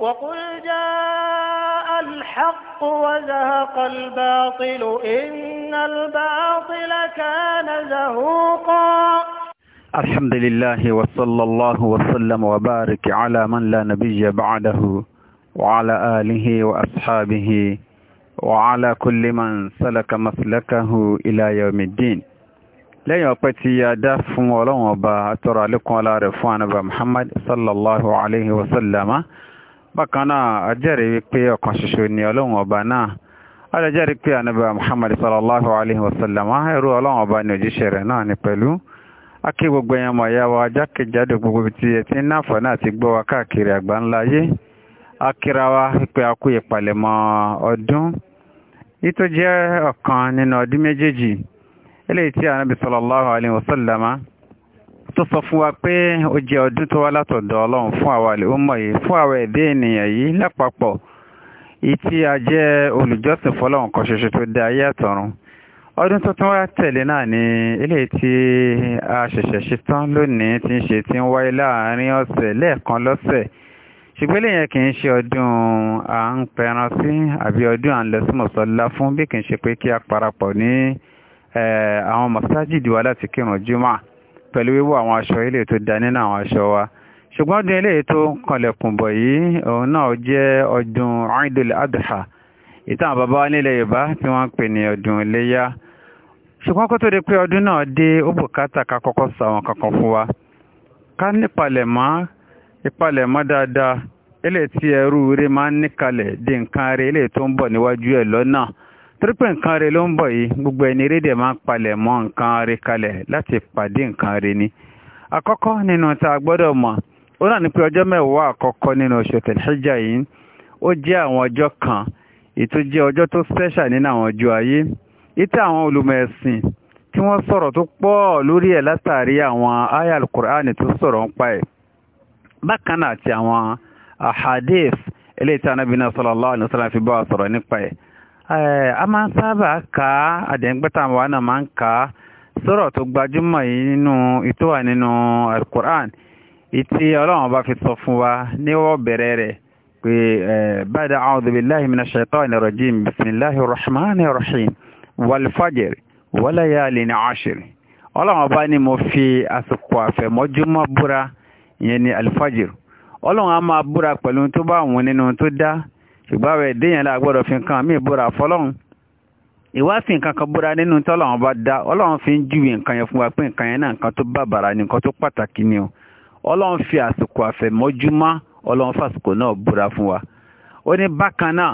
وقل جاء الحق وزهق الباطل إن الباطل كان زهوقا الحمد لله وصلى الله وسلم وبارك على من لا نبي بعده وعلى آله وأصحابه وعلى كل من سلك مسلكه إلى يوم الدين لا ọpẹ́ يا a ولا fún ọlọ́run ọba àtọrọ àlékún ọlá rẹ̀ fún ànábà muhammad bákan náà a jẹ́rìí wípé ọ̀kan ṣoṣo ni ọlọ́run ọba náà a lè jẹ́rìí pé ànábà muhammad sallallahu alayhi wa sallam ẹrú ọlọ́run ọba ni òjíṣẹ́ rẹ̀ náà ni pẹ̀lú akí gbogbo ẹ̀yàn mọ̀ ẹ̀yà wa jákèjádò gbogbo ti ẹ̀ tí ń náfọ̀ náà ti gbọ́ wa káàkiri àgbáńlá ayé akíra wa pé a kú ìpalẹ̀mọ́ ọdún yìí jẹ́ ọ̀kan nínú ọdún méjèèjì eléyìí tí ànábì sallallahu alayhi wa sallam tó sọ fún wa pé ó jẹ́ ọdún tó wá látọ̀dọ̀ ọlọ́run fún àwa lè ó mọ̀ yìí fún àwa ẹ̀dá ènìyàn yìí lápapọ̀ ìtí a jẹ́ olùjọ́sìn kan ṣoṣo tó dá ayé àtọ̀run ọdún tó tún wá tẹ̀lé náà ni ilé tí a ṣẹ̀ṣẹ̀ ṣe tán lónìí tí ń ṣe tí ń wáyé láàárín ọ̀sẹ̀ lẹ́ẹ̀kan lọ́sẹ̀ ṣùgbọ́n lèyẹn kì í ṣe ọdún à ń pẹran sí àbí ọdún à ń lọ sí mọ̀sálá fún bí kì í ṣe pé kí a parapọ̀ ní àwọn mọ̀sájìdì wa láti kírun jùmọ̀ pẹ̀lú wíwọ àwọn aṣọ ilé tó da nínú àwọn aṣọ wa ṣùgbọ́n ọdún ilé tó kanlẹ̀kùn bọ̀ yìí òun náà jẹ́ ọdún Eidul Adha ìtàn bàbá wa nílẹ̀ Yorùbá tí wọ́n ń pè ní ọdún iléyá ṣùgbọ́n kó tó di pé ọdún náà dé ó bùkátà ká kọ́kọ́ sọ àwọn kankan fún wa ká nípalẹ̀mọ́ ìpalẹ̀mọ́ dáadáa ilé tí ẹrú rẹ̀ máa ń níkalẹ̀ di nǹkan rẹ̀ ilé tó ń bọ̀ níwájú ẹ̀ lọ́nà torípé nkan re ló ń bọ̀ yìí gbogbo ẹni rédè máa ń palẹ̀ mọ́ nǹkan rẹ̀ kalẹ̀ láti pàdé nǹkan ni àkọ́kọ́ nínú tá a gbọ́dọ̀ mọ̀ ó náà ní pé ọjọ́ mẹ́wàá àkọ́kọ́ nínú oṣù tẹ̀lẹ́jà yìí ó jẹ́ kan ètò jẹ́ ọjọ́ tó special nínú àwọn ọjọ́ ayé ìtẹ́ àwọn olùmọ̀ ẹ̀sìn tí wọ́n sọ̀rọ̀ tó pọ̀ lórí ẹ̀ látàrí àwọn tó sọ̀rọ̀ Eh, a máa ń sábà ka àdẹ̀ǹgbẹ́ta wa náà máa ń ka sọ̀rọ̀ tó gbajúmọ̀ yìí nínú ìtò wà nínú alukur'an ìtì ọlọ́run bá fi sọ fún wa níwọ̀ bẹ̀rẹ̀ rẹ̀ pé eh, ba'da a'udhu billahi minash shaitani rajim bismillahir rahmanir rahim wal fajr wa layalin ashr ọlọ́run bá ní mo fi àsìkò àfẹ̀mọ́júmọ́ búra ìyẹn ni alfajr ọlọ́run á máa búra pẹ̀lú tó bá wọn nínú tó dá ṣùgbọ́n àwẹ̀ déyàn la gbọ́dọ̀ fi nǹkan míì búra fọlọ́run ìwáfin nǹkan kan búra nínú tọ́lọ́run bá dá ọlọ́run fi ń júwe nǹkan yẹn fún wa pé nǹkan yẹn náà nǹkan tó bàbàrà ni nǹkan tó pàtàkì ni o ọlọ́run fi àsìkò àfẹ̀mọ́júmọ́ ọlọ́run fàsìkò náà búra fún wa ó ní bákan náà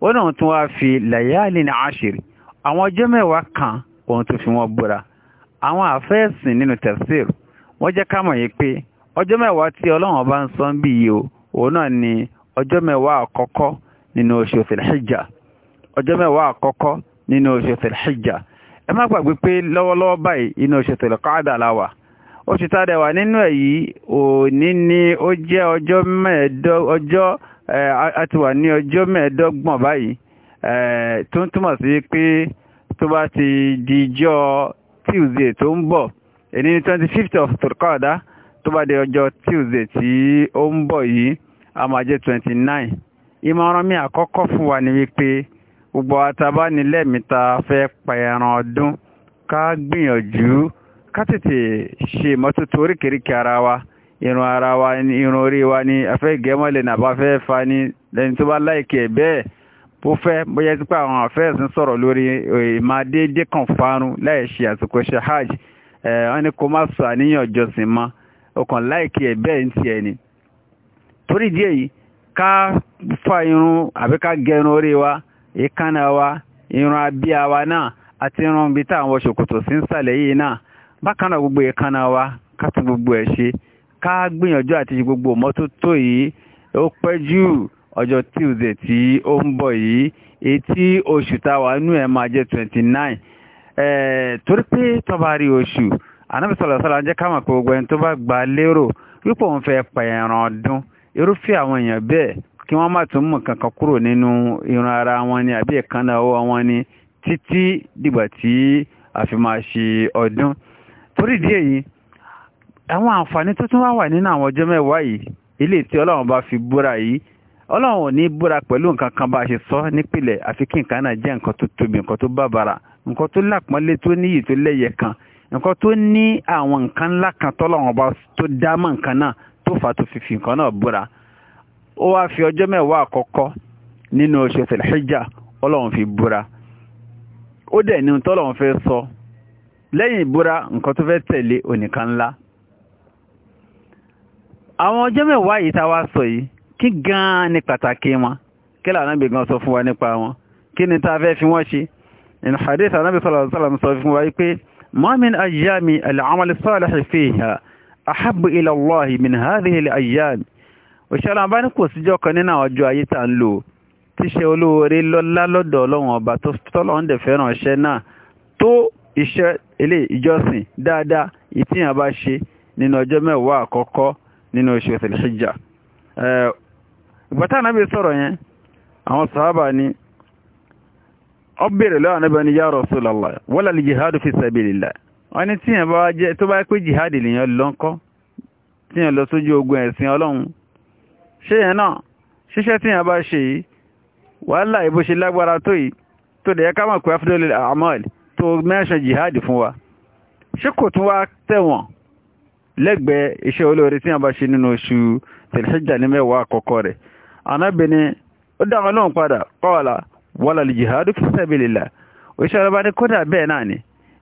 ó náà tún wá fi làyáàlì ní àṣírí àwọn ọjọ́ mẹ́wàá kan òun tó fi wọ́n búra àwọn àfẹ́sìn nínú tafsir wọ́n jẹ́ ká mọ̀ yìí pé ọjọ́ mẹ́wàá tí ọlọ́run bá ń sọ ń yìí o òun náà ni ọjọ́ mẹ́wàá àkọ́kọ́ nínú oṣù Dhul-Hijjah ọjọ́ mẹ́wàá àkọ́kọ́ nínú oṣù Dhul-Hijjah ẹ má gbàgbé pé lọ́wọ́lọ́wọ́ báyìí inú oṣù Dhul-Qa'dah la wà oṣù tá a dẹ̀ wà nínú ẹ̀ yìí òní ni ó jẹ́ ọjọ́ mẹ́ẹ̀ẹ́dọ́ ọjọ́ a ti wà ní ọjọ́ mẹ́ẹ̀ẹ́dọ́gbọ̀n báyìí tó ń túmọ̀ sí pé tó bá ti di ijọ́ Tuesday tó ń bọ̀ èyí ni twenty fifth of Dhul-Qa'dah tó bá di ọjọ́ Tuesday tí ó ń bọ̀ yìí a máa jẹ́ twenty nine ìmọ̀ràn mi àkọ́kọ́ fún wa ni wípé gbogbo àtàbánilẹ́mìta fẹ́ pa ẹran ọdún ká gbìyànjú ká tètè ṣe ìmọ́tótó oríkèéríkèé ara wa irun ara wa ni irun orí wa ni afẹ́ gẹ́mọ́lẹ̀ na àbáfẹ́ fa ni lẹ́ni tó bá láìkẹ́ bẹ́ẹ̀ bó fẹ́ bóyá ti pé àwọn àfẹ́sìn sọ̀rọ̀ lórí ìmàdéédé eh, kan fárun láì ṣe àsìkò ṣe hajj eh, wọ́n ní kó má sọ àníyàn mọ́ ọkàn láìkẹ́ bẹ́ẹ̀ ń tiẹ̀ ni torí díẹ̀ yìí ka fa irun àbí ká gẹrun orí wa ìkánná wa irun abíyá wa náà àti irun bí tá àwọn ṣòkòtò sí ń sàlẹ̀ yìí náà bákan náà gbogbo ìkánná wa ká tún gbogbo ẹ̀ ṣe ká gbìyànjú àti ṣe gbogbo mọ́tótó yìí ó pẹ́ jù ọjọ́ tuesday tí ó ń bọ̀ yìí etí oṣù táwa inú ẹ̀ máa jẹ́ twenty nine torí pé tọ́ba rí oṣù ànábìsọ̀lọ́sọ̀lá ń jẹ́ ká mọ̀ pé gbogbo ẹni tó bá gbà lérò wípé òun fẹ́ pa ẹran ọdún irúfẹ́ àwọn èèyàn bẹ́ẹ̀ kí wọ́n má tún mú kankan kúrò nínú irun ara wọn ni àbí ìkànnà ọwọ́ wọn ni títí dìgbà tí a fi máa ṣe ọdún torí ìdí yìí àwọn àǹfààní tó tún wá wà nínú àwọn ọjọ́ mẹ́wàá yìí ilé kan bá a ṣe sọ nípìnlẹ̀ àfi kí nǹkan náà jẹ́ nǹkan tó kan nǹkan tó ní àwọn nǹkan ńlá kan tọ́lọ́run bá tó tó fà tó fi fi nǹkan náà búra ó wá fi ọjọ́ mẹ́wàá àkọ́kọ́ nínú oṣù tẹ̀lẹ́jà ọlọ́run fi búra ó dẹ̀ ní tọ́lọ́run fẹ́ sọ lẹ́yìn ìbúra nǹkan tó fẹ́ tẹ̀lé onìkan ńlá àwọn ọjọ́ mẹ́wàá yìí tá a wá sọ yìí kí gan-an ni pàtàkì wọn kí làwọn ànábì gan sọ fún wa nípa wọn kí ni tá a fẹ́ fi wọ́n ṣe ìnà hadith ànábì sallallahu alaihi wasallam sọ fún wa yìí pé ma min ayyami al-amal salih fiha ahabu ila Allah min hadhihi al-ayyam òṣèlú àbá ní kò síjọ́ kan nínú àwọn ọjọ́ ayé tá ń lò tí ṣe olóore lọ́lá lọ́dọ̀ ọlọ́run ọba tó tọ́lọ́run dẹ̀ fẹ́ràn iṣẹ́ náà tó iṣẹ́ ilé ìjọsìn dáadáa ìtìyàn bá ṣe nínú ọjọ́ mẹ́wàá àkọ́kọ́ nínú oṣù Dhul-Hijjah ìgbàtà náà bí sọ̀rọ̀ yẹn àwọn sàhábà ni ọ lọ́wọ́ Ànábì ní ya Rasulullah wala al-jihadu fi sabilillah wọ́n ní tíyàn bá wá jẹ́ tó bá pé jihadi lèyàn lọ ń kọ́ tíyàn lọ sójú ogun ẹ̀sìn ọlọ́run ṣé yẹn náà ṣíṣẹ́ tíyàn bá ṣe yìí wàhálà ìbò ṣe lágbára tó yìí tó dẹ̀ ká mọ̀ pé afdolil amal tó mẹ́ṣàn jihadi fún wa ṣé kò tún wá tẹ̀wọ̀n lẹ́gbẹ̀ẹ́ iṣẹ́ olóore tíyàn bá ṣe nínú oṣù tẹ̀lẹ́ṣẹ́jà ní mẹ́wàá àkọ́kọ́ rẹ̀ anábìnrin ó dáhùn lóhùn padà kọ́ọ̀lá wàlàlì jihadi fi ní kódà bẹ́ẹ̀ náà ni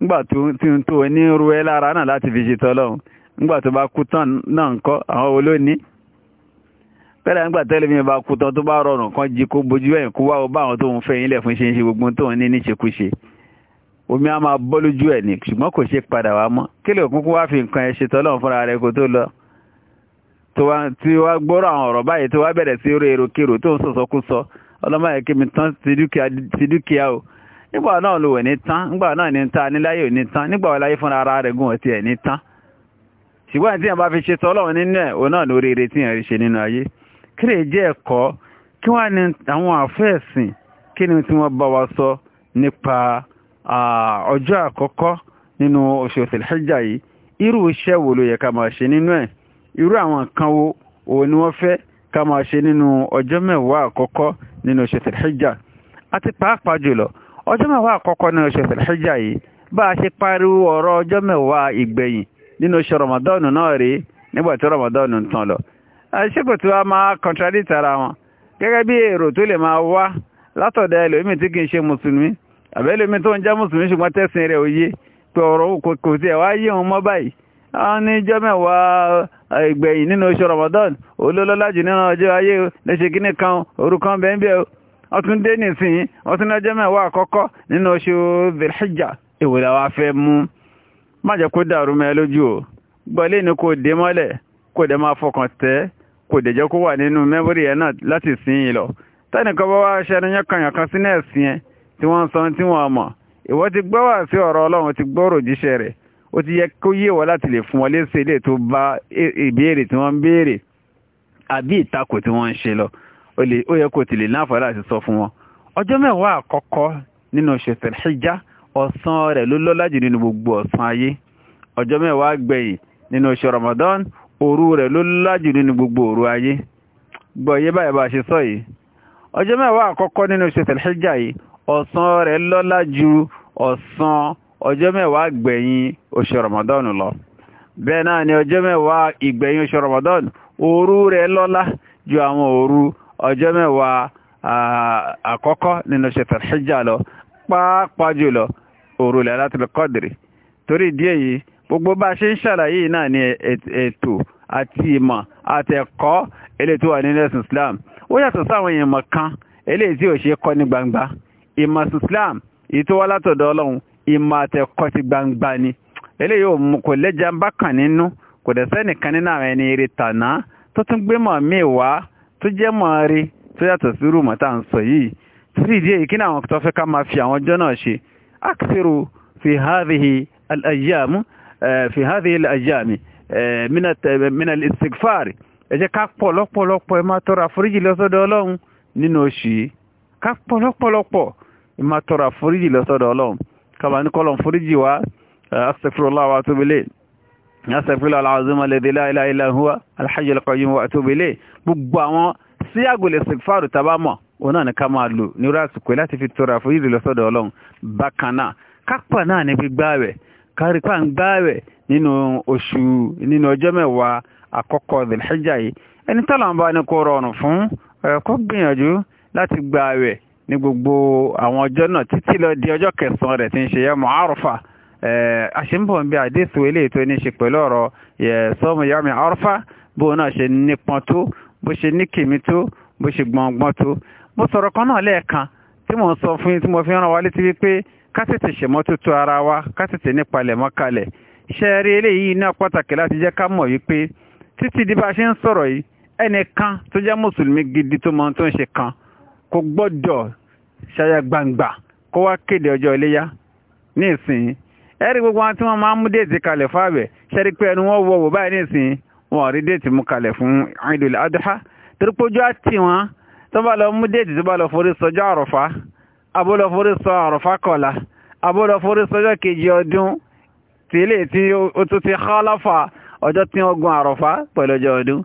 nígbà tí ń tó ní ru ẹ lára náà láti fi ṣe tọ́lọ́run nígbà tó bá kú tán náà ń kọ́ àwọn olóní pẹ́lẹ́ nígbà tẹ́lẹ̀ mi bá kú tán tó bá rọrùn kan jí kó bójú ẹ̀yìn kó wá o bá àwọn tó ń fẹ́ yín lẹ̀ fún ṣe ń ṣe gbogbo tó ń ní níṣekúṣe omi á máa bọ́ lójú ẹ̀ ní ṣùgbọ́n kò ṣe padà wá mọ́ kí lè kúkú wá fi nǹkan ẹ ṣe tọ́lọ́run fúnra rẹ kó tó lọ tí wá gbọ́rọ̀ àwọn ọ̀rọ̀ báyìí tí wá bẹ̀rẹ̀ sí ro èrò tó ń sọ̀sọ́kú sọ ọlọ́mọ yẹn kí mi tán ti dúkìá o nígbà náà ló wẹ̀ ní tán nígbà náà ní tán níláyé ò ní tán nígbà wà láyé fúnra ara rẹ̀ gùn ọtí ẹ̀ ní tán ṣùgbọ́n tí yẹn bá fi ṣe tọ́lọ́run nínú ẹ̀ òun náà lórí eré tí yẹn rí ṣe nínú ayé kí lè jẹ́ ẹ̀kọ́ kí wọ́n ní àwọn àfẹ́ẹ̀sìn kí ni tí wọ́n bá wa sọ nípa ọjọ́ àkọ́kọ́ nínú oṣù dhul yìí irú iṣẹ́ wo ló yẹ ká máa ṣe nínú ẹ̀ irú àwọn nǹkan wo òun ni wọ́n fẹ́ ká máa ṣe nínú ọjọ́ mẹ́wàá àkọ́kọ́ nínú oṣù dhul àti pàápàá jùlọ ọjọ́ mẹ́wàá àkọ́kọ́ ní oṣù Dhul-Hijjah yìí bá a ṣe pariwo ọ̀rọ̀ ọjọ́ mẹ́wàá ìgbẹ̀yìn nínú oṣù Ramadan náà rí nígbà tí Ramadan ń tán lọ ṣé kò tí wàá máa contradict ara wọn gẹ́gẹ́ bí èrò tó lè máa wá látọ̀dọ̀ ẹlòmíì tí kì í ṣe mùsùlùmí àbẹ́ ẹlòmíì tó ń jẹ́ mùsùlùmí ṣùgbọ́n tẹ̀sìn rẹ̀ òye pé ọ̀rọ̀ kò tiẹ̀ wá yé òun mọ́ báyìí àwọn níjọ́ mẹ́wàá ìgbẹ̀yìn nínú oṣù Ramadan olólọ́lá jù nínú ọjọ́ ayé lẹ́sẹ̀ kínní kan orúkọ bẹ́ẹ̀ bẹ́ẹ̀ ọtún dé nìsín ọtún lọ́jọ́ mẹ́wàá àkọ́kọ́ nínú oṣù dhul èwo la wá fẹ́ mú má jẹ́ kó dàrú mẹ́ lójú o gbọ́lé ni kò dé mọ́lẹ̀ kò dé máa fọkàn tẹ́ kò dé jẹ́ kó wà nínú mẹ́mórì ẹ̀ náà láti sìn yìí lọ tẹ́nìkan bá wá aṣẹ́nu yẹn kan yàn kan sínú ẹ̀sìn ẹ̀ tí wọ́n ń san tí wọ́n mọ̀ ìwọ ti gbọ́ wá sí ọ̀rọ̀ Ọlọ́run ti gbọ́rọ̀ òjíṣẹ́ rẹ̀ ó ti yẹ kó yé wọ́n láti lè fún wọn léṣe lè tó bá e, ìbéèrè tí wọ́n ń béèrè àbí ìtakò tí wọ́n ń ṣe lọ ó yẹ kó tilẹ̀ láǹfààní láti sọ fún wọn ọjọ́ mẹ́wàá àkọ́kọ́ nínú oṣù Dhul-Hijjah ọ̀sán rẹ̀ ló lọ́lá jù nínú gbogbo ọ̀sán ayé ọjọ́ mẹ́wàá gbẹ̀yìn nínú oṣù Ramadan òru rẹ̀ ló lọ́lá jù nínú gbogbo òru ayé gbọ́ yé báyìí bá a ṣe sọ yìí ọjọ́ mẹ́wàá àkọ́kọ́ nínú oṣù dhul yìí ọ̀sán rẹ̀ lọ́lá jù ọ̀sán ọjọ́ mẹ́wàá oṣù Ramadan lọ bẹ́ẹ̀ náà ni ọjọ́ mẹ́wàá ìgbẹ̀yìn oṣù Ramadan òru rẹ̀ lọ́lá jù àwọn òru ọjọ́ mẹ́wàá àkọ́kọ́ nínú ṣètò ṣíjà lọ pàápàá jùlọ òru Lailatul Qadri torí díẹ̀ yìí gbogbo bá ṣe ń ṣàlàyé náà ní ètò àti ìmọ̀ àtẹ̀kọ́ eléyìí wà nínú ẹ̀sìn Islam ó yàtọ̀ sáwọn ìmọ̀ kan eléyìí tí ò ṣe kọ́ ní gbangba ìmọ̀ Islam èyí tó wá látọ̀dọ̀ Ọlọ́run ìmọ̀ àtẹ̀kọ́ ti gbangba ni eléyìí ò mú kò lẹ́jà ń bá kàn nínú kò dẹ̀ sẹ́nìkan nínú àwọn ẹni eré tàná tó tún gbé mọ̀ míì wá tó jẹ́ mọ̀ọ́rí tó yàtọ̀ sí rúmọ̀ tá à ń sọ yìí sí ìdí èyí kí ni àwọn tó fẹ́ ká máa fi àwọn ọjọ́ náà ṣe aksiru fi hadhihi al-ayyam fi hadhihi al-ayyam min al-istighfar ẹ jẹ́ ká pọ̀lọ́pọ̀lọpọ̀ ẹ máa tọrọ àforíjì lọ́sọ́dọ̀ ọlọ́run nínú oṣù yìí ká pọ̀lọ́pọ̀lọpọ̀ ẹ máa tọrọ àforíjì lọ́sọ́dọ̀ ọlọ́run kàbánikọ́lọ̀ foríjì wa astaghfirullah wa atubu ilayh yasafilo alazuma lè délé aláìlá ìhúwa alhajjil qayyum wa atubu ilé gbogbo àwọn sí àgùlẹ̀ sigfaru tàbá mọ̀ òun náà ni ká máa lò ní orí àsìkò láti fi tọrọ àforíjì lọ́sọ̀dọ̀ ọlọ́run bákan náà kápá náà ní gbígbààwẹ̀ kárípà ń gbààwẹ̀ nínú oṣù nínú ọjọ́ mẹ́wàá àkọ́kọ́ zilhijja yìí ẹni tọ́lá ń bá ní kó rọrùn fún kó gbìyànjú láti gbààwẹ̀ ní gbogbo àwọn ọjọ́ náà títí lọ di ọjọ́ kẹsàn-án rẹ̀ tí ń ṣe yẹ mọ́ àrùfà Eh, àṣìǹbọ̀ ń bí àdéṣù eléyìí tó ní ṣe pẹ̀lú ọ̀rọ̀ eh, sọ́mu yàmi arfa bó náà ṣe nípọn tó bó ṣe ní kìmí tó bó ṣe gbọ̀ngbọ́n tó mo sọ̀rọ̀ kan náà lẹ́ẹ̀kan tí mo ń sọ fún yín tí mo fi ń ràn wá létí wípé ká tètè ṣèmọ́tótó ara wa ká tètè nípalẹ̀ mọ́ kalẹ̀ ṣe rí eléyìí náà pàtàkì láti jẹ́ ká mọ̀ wípé títí di bá ṣe ń sọ̀rọ̀ yìí ẹnìkan tó jẹ́ mùsùlùmí gidi tó mọ tó ń ṣe kan kò gbọ́dọ̀ ṣaya gbangba kó wá kéde ọjọ́ iléyá ní ìsìn ẹ̀rí gbogbo wọn tí wọ́n máa ń mú déètì kalẹ̀ fáwẹ̀ ṣẹ́rí pé ẹnu wọn wọ̀ báyìí nísìn wọn rí déètì mú kalẹ̀ fún Eidul Adha torípójú àti wọn tó bá lọ mú déètì tó bá lọ forí sọjọ́ àròfá abúlọ forí sọ àròfá kọlá abúlọ forí sọjọ́ kejì ọdún tìlé tí ó tún ti khalafa ọjọ́ tí wọ́n gun àròfá pẹ̀lú ọjọ́ ọdún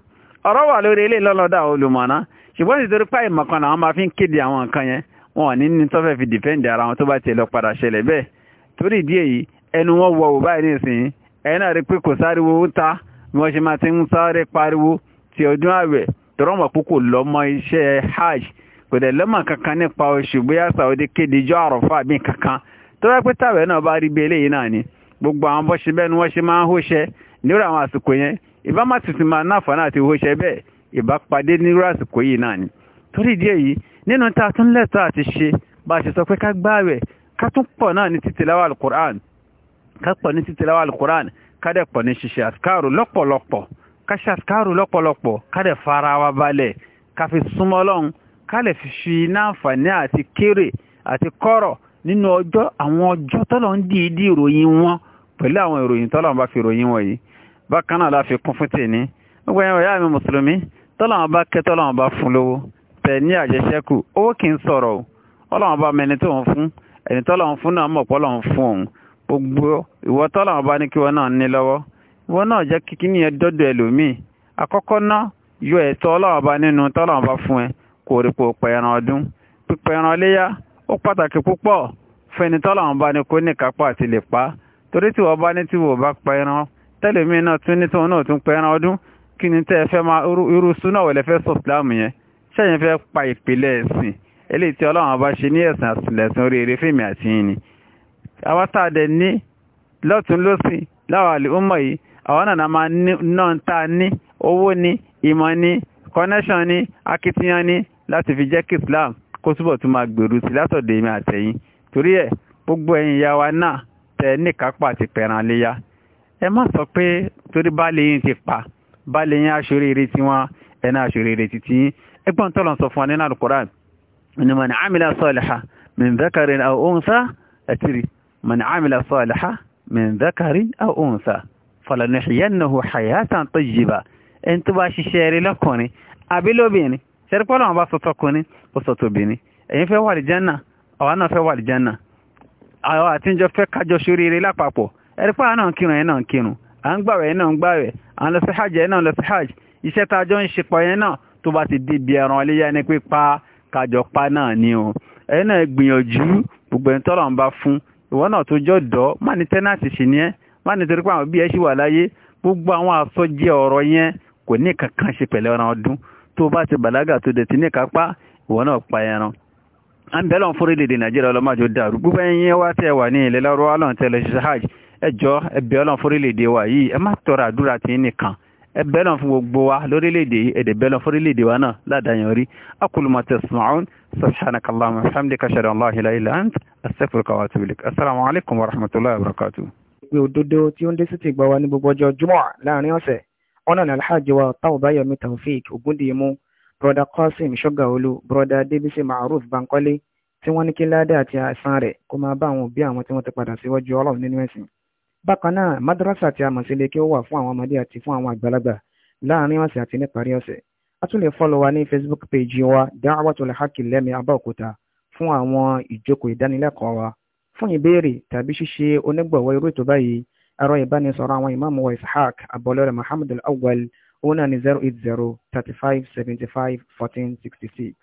ọ̀rọ̀ wà lórí ilé lọ́lọ́dà olùmọ̀ná ṣùgbọ́n nítorí pa ìmọ̀kan làwọn máa fi ń kéde àwọn nǹkan torí ìdí èyí ẹnu wọn wọ ò báyìí nìsín ẹ̀yìn náà rí pé kò sáriwo ta ni wọ́n ṣe máa ti ń sáré pariwo ti ọdún ààwẹ̀ tọrọmọ̀ púpọ̀ lọ́mọ iṣẹ́ hajj kò dẹ̀ lọ́mọ kankan nípa oṣù bóyá Saudi kéde ijọ́ àròfà àbí kankan tó bá pé tàwẹ̀ náà bá rí bí eléyìí náà ni gbogbo àwọn bọ́ṣe bẹ́ẹ̀ ni wọ́n ṣe máa ń hóṣẹ́ nírú àwọn àsìkò yẹn ìbá má tuntun máa náfààní àti hóṣẹ́ bẹ́ẹ̀ ìbá padé nírú àsìkò yìí náà ni torí díẹ̀ yìí nínú tá a tún lẹ́tọ̀ọ́ àti ṣe bá a ṣe sọ pé ká gbáàwẹ̀ ká tún pọ̀ náà ní títí láwà alukur'an ká pọ̀ ní títíláwà alukuran ká pọ̀ ní ṣíṣe àsìkáàrù lọ́pọ̀lọpọ̀ ká ṣe àsìkáàrù lọ́pọ̀lọpọ̀ ká fara wa balẹ̀ ká fi súnmọ́ Ọlọ́run ká lè fi ṣe iná àǹfààní àti kéré àti kọ́rọ̀ nínú ọjọ́ àwọn ọjọ́ tọ́lọ̀ ń dìídì ìròyìn wọn pẹ̀lú àwọn ìròyìn tọ́lọ̀ bá fi ròyìn wọ̀nyí bákan náà la fi kún fún tèmi gbogbo ẹ̀yàn ọ̀yá mi mùsùlùmí tọ́lọ̀ bá kẹ́ tọ́lọ̀ bá fún lówó tẹ̀ ní àjẹṣẹ́kù ẹni tọ́lọ̀ ń fún náà mọ̀ pọ́lọ̀ ń fún òun gbogbo ìwọ tọ́lọ̀ ọba ní kí wọn náà ní lọ́wọ́ ìwọ náà jẹ́ kíkí ní ẹ dọ́dọ̀ ẹlòmíì àkọ́kọ́ náà yọ ẹ̀tọ́ ọlọ́run ọba nínú tọ́lọ̀ ọba fún ẹ kò rí pò pẹ̀ràn ọdún pípẹ̀ràn léyà ó pàtàkì púpọ̀ fún ẹni tọ́lọ̀ ọba ní kó ní kápá àti lè pa torí tí wọ́n bá ní tí wọ́n bá pẹ̀ràn tẹ́lẹ̀míì náà tún ní tí wọ́n náà tún pẹ̀ràn ọdún kí ni tẹ́ ẹ fẹ́ máa irú súnà wọlé fẹ́ sọ ìsìlámù yẹn ṣẹ́yìn fẹ́ pa ìpìlẹ̀ ẹ̀sìn eléyìí tí ọlọ́run ọba ṣe ní ẹ̀sìn àtìlẹ́sìn oríire fèmí àti yìnyín àwa tá a dẹ̀ ní lọ́tún lọ́sìn láwọn àlùmọ̀ yìí àwọn náà máa náà tá a ní owó ni ìmọ̀ ni connection ni akitiyan ni láti fi jẹ́ kí Islam kó túbọ̀ tún máa gbèrú sí látọ̀dọ̀ èmi àtẹ̀yìn torí ẹ̀ gbogbo ẹ̀yin ìyá wa náà tẹ níkápá àti pẹ̀ràn léyà ẹ má sọ pé torí baálé yín ti pa baálé yín aṣoríire tiwọn ẹ̀nà aṣoríire titi yín ẹgbọ́n tọ́lọ̀ sọ fún wa nínú Al-Qur'an inna man amila salihan min dhakarin aw untha ẹ̀tìrì من عمل صالحا من ذكر أو أنثى فلنحيينه حياة طيبة ẹni tó bá ṣiṣẹ́ rí lọ́kùnrin àbí lóbìnrin ṣẹ́rípọ́lọ́ àwọn bá sọ tọkùnrin ó sọ tóbìnrin ẹ̀yin fẹ́ wà lìjánà àwa náà fẹ́ wà lìjánà àwọn àtijọ́ fẹ́ kájọ ṣoríire lápapọ̀ ẹ̀rípọ́ àwọn náà ń kírun ẹ̀ náà ń kírun à ń gbàwẹ̀ ẹ̀ náà ń gbàwẹ̀ à ń lọ sí hajj ẹ̀ náà ń lọ sí hajj iṣẹ́ tá a jọ ń ṣe pọ̀ yẹn náà tó bá ti di ibi ẹran iléyà ní pípa kájọ pa náà ni o ẹ̀ náà gbìyànjú gbogbo ẹni tọ́lọ́ ń bá fún ìwọ náà tó jọ dọ má ní tẹ́nàtì sì ni ẹ́ má ní torí pé àwọn bí ẹ ṣì wà láyé gbogbo àwọn àsọjẹ ọrọ yẹn kò ní kankan ṣe pẹ̀lú ẹran ọdún tó bá ti bàlágà tó dẹ̀ ti ní kápá ìwọ náà pa ẹran à ń bẹ́ẹ̀ lọ́n dàrú gbogbo ẹ̀yin wá ẹbẹ́ náà fún gbogbo wa lórílẹ̀‐èdè ẹ̀dẹ̀bẹ́ náà fórílẹ̀‐èdè wa náà ládàáyàn rí akulu tasma'un subhanakallahumma wa hamdika ashhadu an la ilaha illa anta astaghfiruka wa atubu ilaik assalamu alaikum wa rahmatullahi wa barakatuh. ìpè òdodo tí ó ń dé sí ti gbà wá ní gbogbo ọjọ́ jùmọ̀ láàrin ọ̀sẹ̀ ọ̀nà ní alhaji wa tawbayomi taofik ogundiyimu broda qasim shogaolu broda debisi maruf bankole tí wọ́n ní kí ládàá àti àìsàn rẹ̀ kó máa bá àwọn òbí àwọn tí wọ́n ti padà síwájú ọlọ́run nínú ẹ̀sìn bákan náà madrasa tí a mọ̀ sí ilé kí ó wà fún àwọn ọmọdé àti fún àwọn àgbàlagbà láàrin ọ̀sẹ̀ àti níparí ọ̀sẹ̀ a tún lè fọ́lọ̀ wa ní facebook page wa Da'watul Haqi lẹ́mí abẹ́òkúta fún àwọn ìjókòó ìdánilẹ́kọ̀ọ́ wa fún ìbéèrè tàbí ṣíṣe onígbọ̀wọ́ irú ètò báyìí ẹ̀rọ ìbánisọ̀rọ̀ àwọn ìmáàmù wa ishaq abọ́lẹ́rẹ̀ muhammed al-awwal òun náà zero eight zero thirty five seventy five fourteen sixty six.